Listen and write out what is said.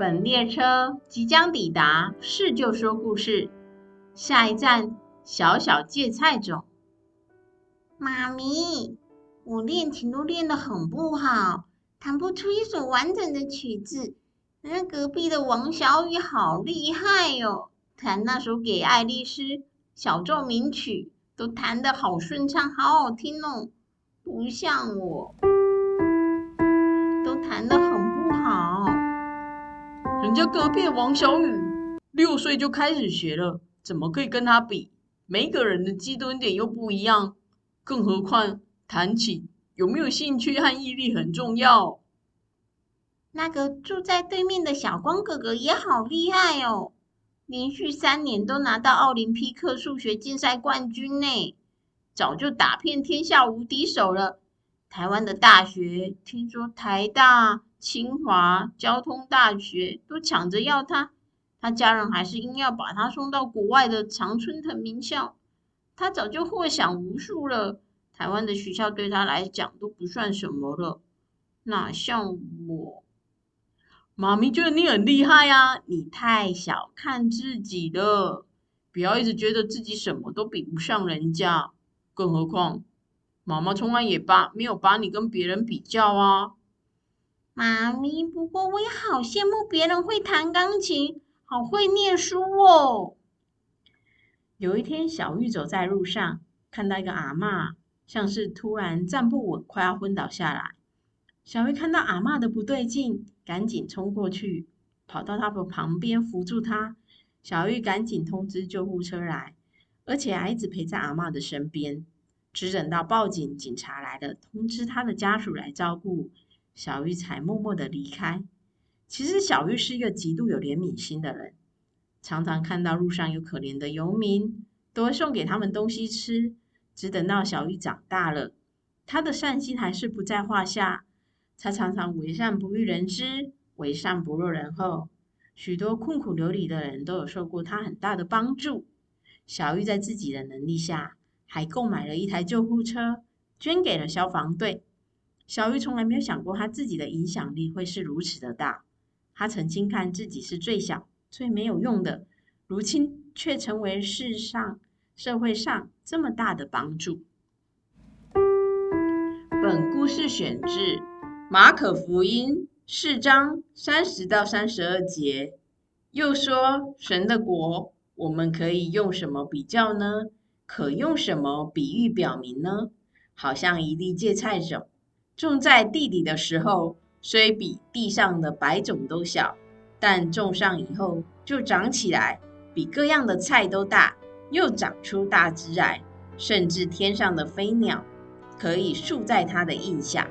本列車即將抵達，是就說故事。下一站，小小芥菜種。媽咪，我練琴都練得很不好，彈不出一首完整的曲子。人家隔壁的王小雨好厲害喲、哦，彈那首《給愛麗絲》小奏鳴曲都彈得好順暢，好好聽哦，不像我，都彈得人家隔壁王小雨六歲就開始學了，怎麼可以跟他比？每個人的基蹲點又不一樣，更何況彈琴有沒有興趣和毅力很重要。那個住在對面的小光哥哥也好厲害哦，連續三年都拿到奧林匹克數學競賽冠軍呢，早就打遍天下無敵手了。台灣的大學聽說台大、清華、交通大學都搶着要他，他家人還是硬要把他送到國外的常春藤名校。他早就獲獎無數了，台灣的學校對他來講都不算什麼了。哪像我，媽咪覺得你很厲害啊，你太小看自己了，不要一直覺得自己什麼都比不上人家。更何況，媽媽從來也把沒有把你跟別人比較啊。媽咪，不過我也好羨慕別人會彈鋼琴，好會唸書哦。有一天，小玉走在路上，看到一個阿嬤，像是突然站不穩，快要昏倒下來。小玉看到阿嬤的不對勁，趕緊衝過去，跑到她的旁邊扶住她。小玉趕緊通知救護車來，而且還一直陪在阿嬤的身邊，只等到報警，警察來了，通知她的家屬來照顧。小玉才默默地離開。其實，小玉是一個極度有憐憫心的人，常常看到路上有可憐的游民，都會送給他們東西吃。直等到小玉長大了，他的善心還是不在話下。他常常為善不欲人知，為善不落人後。許多困苦流離的人都有受過他很大的幫助。小玉在自己的能力下，還購買了一台救護車，捐給了消防隊。小玉從來沒有想過，他自己的影響力會是如此的大。他曾經看自己是最小、最沒有用的，如今卻成為世上、社會上這麼大的幫助。本故事選自《馬可福音》四章三十到三十二節。又說，神的國，我們可以用什麼比較呢？可用什麼比喻表明呢？好像一粒芥菜種。種在地裡的時候，雖比地上的百種都小，但種上以後就長起來，比各樣的菜都大，又長出大枝來，甚至天上的飛鳥可以宿在它的蔭下。